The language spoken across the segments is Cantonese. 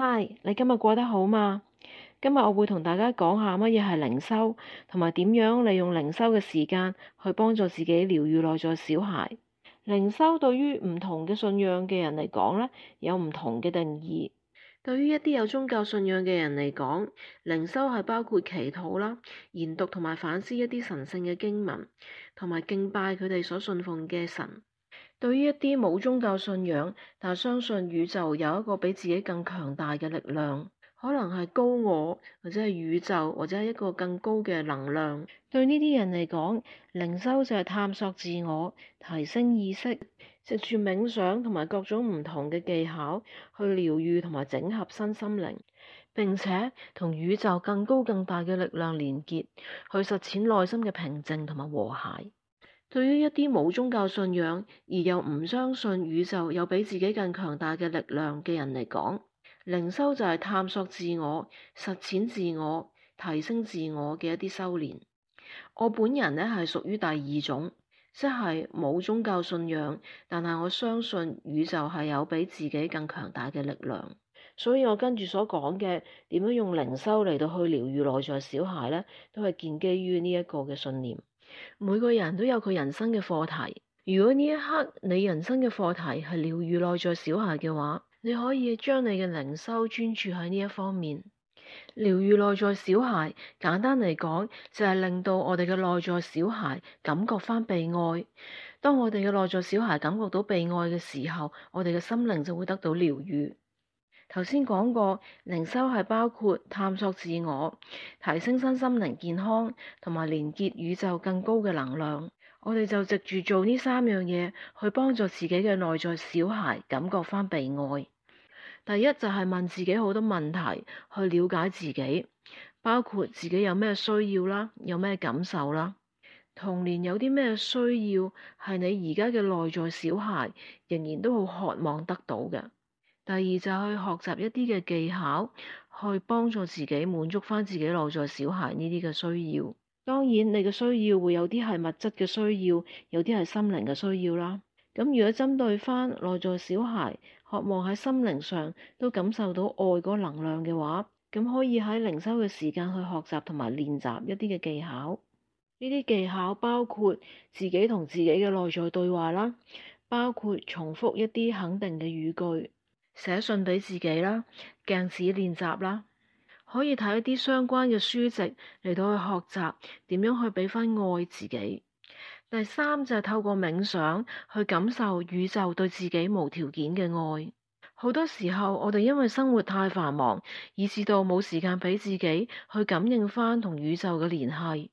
嗨，Hi, 你今日過得好嗎？今日我會同大家講下乜嘢係靈修，同埋點樣利用靈修嘅時間去幫助自己療癒內在小孩。靈修對於唔同嘅信仰嘅人嚟講咧，有唔同嘅定義。對於一啲有宗教信仰嘅人嚟講，靈修係包括祈禱啦、研讀同埋反思一啲神聖嘅經文，同埋敬拜佢哋所信奉嘅神。對於一啲冇宗教信仰，但相信宇宙有一個比自己更強大嘅力量，可能係高我或者係宇宙或者係一個更高嘅能量，對呢啲人嚟講，靈修就係探索自我、提升意識、藉住冥想同埋各種唔同嘅技巧去療癒同埋整合身心靈，並且同宇宙更高更大嘅力量連結，去實踐內心嘅平靜同埋和諧。對於一啲冇宗教信仰而又唔相信宇宙有比自己更強大嘅力量嘅人嚟講，靈修就係探索自我、實踐自我、提升自我嘅一啲修練。我本人呢係屬於第二種，即係冇宗教信仰，但係我相信宇宙係有比自己更強大嘅力量。所以我跟住所講嘅點樣用靈修嚟到去療癒內在小孩咧，都係建基於呢一個嘅信念。每個人都有佢人生嘅課題。如果呢一刻你人生嘅課題係療癒內在小孩嘅話，你可以將你嘅靈修專注喺呢一方面。療癒內在小孩，簡單嚟講就係令到我哋嘅內在小孩感覺翻被愛。當我哋嘅內在小孩感覺到被愛嘅時候，我哋嘅心靈就會得到療癒。頭先講過，靈修係包括探索自我、提升身心靈健康，同埋連結宇宙更高嘅能量。我哋就藉住做呢三樣嘢，去幫助自己嘅內在小孩感覺翻被愛。第一，就係問自己好多問題，去了解自己，包括自己有咩需要啦，有咩感受啦，童年有啲咩需要係你而家嘅內在小孩仍然都好渴望得到嘅。第二，就去學習一啲嘅技巧，去幫助自己滿足翻自己內在小孩呢啲嘅需要。當然，你嘅需要會有啲係物質嘅需要，有啲係心靈嘅需要啦。咁如果針對翻內在小孩，渴望喺心靈上都感受到愛嗰能量嘅話，咁可以喺靈修嘅時間去學習同埋練習一啲嘅技巧。呢啲技巧包括自己同自己嘅內在對話啦，包括重複一啲肯定嘅語句。寫信俾自己啦，鏡子練習啦，可以睇一啲相關嘅書籍嚟到去學習點樣去俾翻愛自己。第三就係透過冥想去感受宇宙對自己無條件嘅愛。好多時候我哋因為生活太繁忙，以至到冇時間俾自己去感應翻同宇宙嘅聯繫。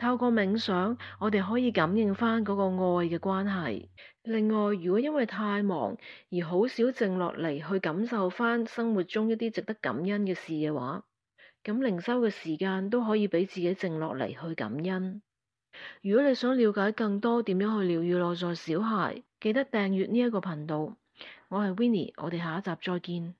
透過冥想，我哋可以感應翻嗰個愛嘅關係。另外，如果因為太忙而好少靜落嚟去感受翻生活中一啲值得感恩嘅事嘅話，咁靈修嘅時間都可以俾自己靜落嚟去感恩。如果你想了解更多點樣去療癒內在小孩，記得訂閱呢一個頻道。我係 Winnie，我哋下一集再見。